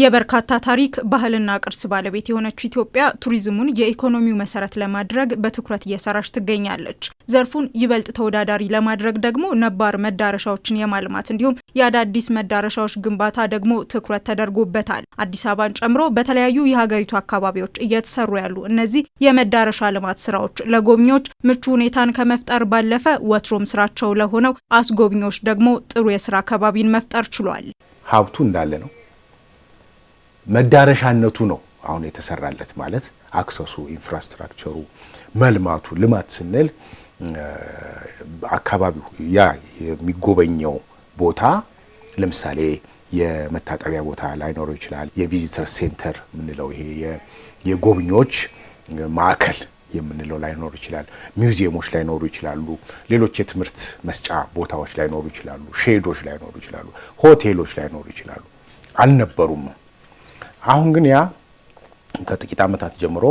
የበርካታ ታሪክ ባህልና ቅርስ ባለቤት የሆነችው ኢትዮጵያ ቱሪዝሙን የኢኮኖሚው መሰረት ለማድረግ በትኩረት እየሰራች ትገኛለች። ዘርፉን ይበልጥ ተወዳዳሪ ለማድረግ ደግሞ ነባር መዳረሻዎችን የማልማት እንዲሁም የአዳዲስ መዳረሻዎች ግንባታ ደግሞ ትኩረት ተደርጎበታል። አዲስ አበባን ጨምሮ በተለያዩ የሀገሪቱ አካባቢዎች እየተሰሩ ያሉ እነዚህ የመዳረሻ ልማት ስራዎች ለጎብኚዎች ምቹ ሁኔታን ከመፍጠር ባለፈ ወትሮም ስራቸው ለሆነው አስጎብኚዎች ደግሞ ጥሩ የስራ አካባቢን መፍጠር ችሏል። ሀብቱ እንዳለ ነው መዳረሻነቱ ነው አሁን የተሰራለት ማለት አክሰሱ፣ ኢንፍራስትራክቸሩ፣ መልማቱ። ልማት ስንል አካባቢው ያ የሚጎበኘው ቦታ ለምሳሌ የመታጠቢያ ቦታ ላይኖረው ይችላል። የቪዚተር ሴንተር የምንለው ይሄ የጎብኚዎች ማዕከል የምንለው ላይኖሩ ይችላል። ሚውዚየሞች ላይኖሩ ይችላሉ። ሌሎች የትምህርት መስጫ ቦታዎች ላይኖሩ ይችላሉ። ሼዶች ላይኖሩ ይችላሉ። ሆቴሎች ላይኖሩ ይችላሉ። አልነበሩም። አሁን ግን ያ ከጥቂት ዓመታት ጀምሮ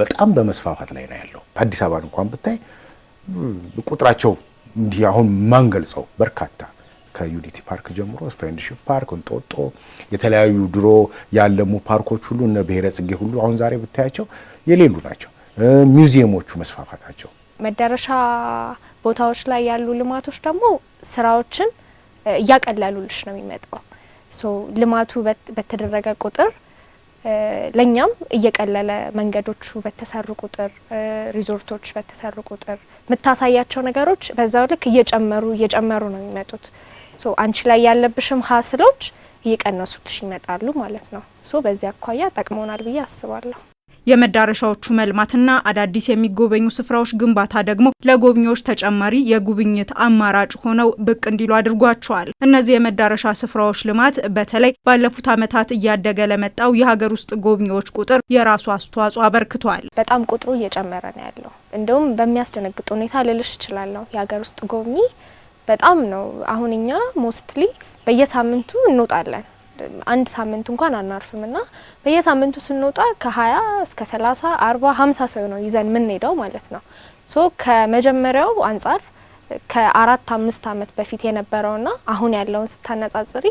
በጣም በመስፋፋት ላይ ነው ያለው። በአዲስ አበባን እንኳን ብታይ ቁጥራቸው እንዲህ አሁን ማንገልጸው በርካታ ከዩኒቲ ፓርክ ጀምሮ ፍሬንድሺፕ ፓርክ፣ እንጦጦ፣ የተለያዩ ድሮ ያለሙ ፓርኮች ሁሉ እነ ብሔረ ጽጌ ሁሉ አሁን ዛሬ ብታያቸው የሌሉ ናቸው። ሚውዚየሞቹ መስፋፋታቸው መዳረሻ ቦታዎች ላይ ያሉ ልማቶች ደግሞ ስራዎችን እያቀላሉልሽ ነው የሚመጣው። ልማቱ በተደረገ ቁጥር ለእኛም እየቀለለ መንገዶቹ በተሰሩ ቁጥር ሪዞርቶች በተሰሩ ቁጥር የምታሳያቸው ነገሮች በዛው ልክ እየጨመሩ እየጨመሩ ነው የሚመጡት። አንቺ ላይ ያለብሽም ሀስሎች እየቀነሱልሽ ይመጣሉ ማለት ነው። በዚህ አኳያ ጠቅመውናል ብዬ አስባለሁ። የመዳረሻዎቹ መልማትና አዳዲስ የሚጎበኙ ስፍራዎች ግንባታ ደግሞ ለጎብኚዎች ተጨማሪ የጉብኝት አማራጭ ሆነው ብቅ እንዲሉ አድርጓቸዋል። እነዚህ የመዳረሻ ስፍራዎች ልማት በተለይ ባለፉት ዓመታት እያደገ ለመጣው የሀገር ውስጥ ጎብኚዎች ቁጥር የራሱ አስተዋጽኦ አበርክቷል። በጣም ቁጥሩ እየጨመረ ነው ያለው። እንደውም በሚያስደነግጥ ሁኔታ ልልሽ እችላለሁ። የሀገር ውስጥ ጎብኚ በጣም ነው። አሁን እኛ ሞስትሊ በየሳምንቱ እንወጣለን አንድ ሳምንት እንኳን አናርፍም እና በየሳምንቱ ስንወጣ ከሀያ እስከ ሰላሳ አርባ ሀምሳ ሰው ነው ይዘን የምንሄደው ማለት ነው። ሶ ከመጀመሪያው አንጻር ከአራት አምስት አመት በፊት የነበረውና አሁን ያለውን ስታነጻጽሪ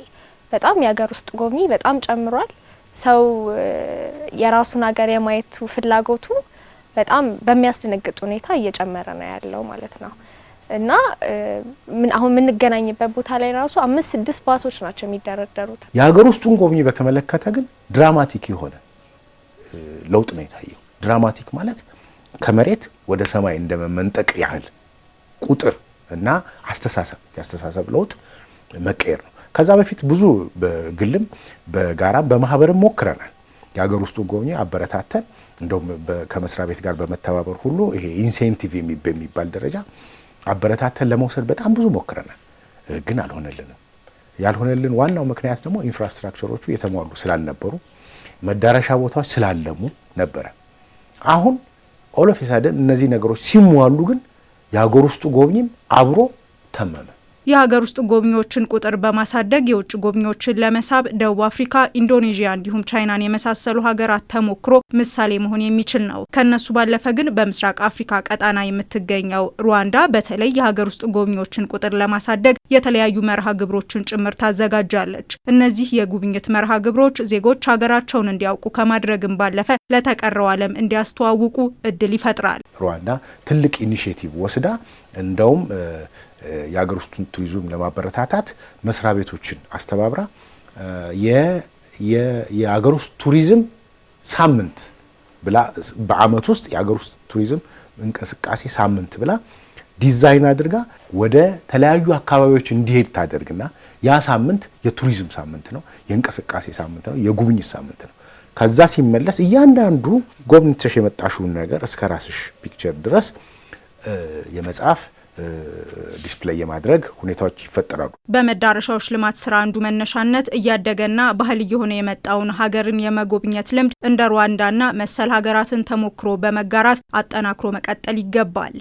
በጣም የሀገር ውስጥ ጎብኚ በጣም ጨምሯል። ሰው የራሱን ሀገር የማየቱ ፍላጎቱ በጣም በሚያስደነግጥ ሁኔታ እየጨመረ ነው ያለው ማለት ነው። እና አሁን የምንገናኝበት ቦታ ላይ ራሱ አምስት ስድስት ባሶች ናቸው የሚደረደሩት። የሀገር ውስጡን ጎብኚ በተመለከተ ግን ድራማቲክ የሆነ ለውጥ ነው የታየው። ድራማቲክ ማለት ከመሬት ወደ ሰማይ እንደመመንጠቅ ያህል ቁጥር እና አስተሳሰብ የአስተሳሰብ ለውጥ መቀየር ነው። ከዛ በፊት ብዙ በግልም በጋራም በማህበርም ሞክረናል። የሀገር ውስጡን ጎብኚ አበረታተን እንደውም ከመስሪያ ቤት ጋር በመተባበር ሁሉ ይሄ ኢንሴንቲቭ የሚባል ደረጃ አበረታተን ለመውሰድ በጣም ብዙ ሞክረናል፣ ግን አልሆነልንም። ያልሆነልን ዋናው ምክንያት ደግሞ ኢንፍራስትራክቸሮቹ የተሟሉ ስላልነበሩ መዳረሻ ቦታዎች ስላለሙ ነበረ። አሁን ኦሎፌሳደን እነዚህ ነገሮች ሲሟሉ ግን የሀገር ውስጡ ጎብኝም አብሮ ተመመ። የሀገር ውስጥ ጎብኚዎችን ቁጥር በማሳደግ የውጭ ጎብኚዎችን ለመሳብ ደቡብ አፍሪካ፣ ኢንዶኔዥያ እንዲሁም ቻይናን የመሳሰሉ ሀገራት ተሞክሮ ምሳሌ መሆን የሚችል ነው። ከነሱ ባለፈ ግን በምስራቅ አፍሪካ ቀጣና የምትገኘው ሩዋንዳ በተለይ የሀገር ውስጥ ጎብኚዎችን ቁጥር ለማሳደግ የተለያዩ መርሃ ግብሮችን ጭምር ታዘጋጃለች። እነዚህ የጉብኝት መርሃ ግብሮች ዜጎች ሀገራቸውን እንዲያውቁ ከማድረግም ባለፈ ለተቀረው ዓለም እንዲያስተዋውቁ እድል ይፈጥራል። ሩዋንዳ ትልቅ ኢኒሽቲቭ ወስዳ እንደውም የአገር ውስጡን ቱሪዝም ለማበረታታት መስሪያ ቤቶችን አስተባብራ የአገር ውስጥ ቱሪዝም ሳምንት ብላ በአመት ውስጥ የአገር ውስጥ ቱሪዝም እንቅስቃሴ ሳምንት ብላ ዲዛይን አድርጋ ወደ ተለያዩ አካባቢዎች እንዲሄድ ታደርግና ያ ሳምንት የቱሪዝም ሳምንት ነው፣ የእንቅስቃሴ ሳምንት ነው፣ የጉብኝት ሳምንት ነው። ከዛ ሲመለስ እያንዳንዱ ጎብኝተሽ የመጣሽውን ነገር እስከ ራስሽ ፒክቸር ድረስ የመጽሐፍ ዲስፕሌይ የማድረግ ሁኔታዎች ይፈጠራሉ። በመዳረሻዎች ልማት ስራ አንዱ መነሻነት እያደገና ባህል እየሆነ የመጣውን ሀገርን የመጎብኘት ልምድ እንደ ሩዋንዳና መሰል ሀገራትን ተሞክሮ በመጋራት አጠናክሮ መቀጠል ይገባል።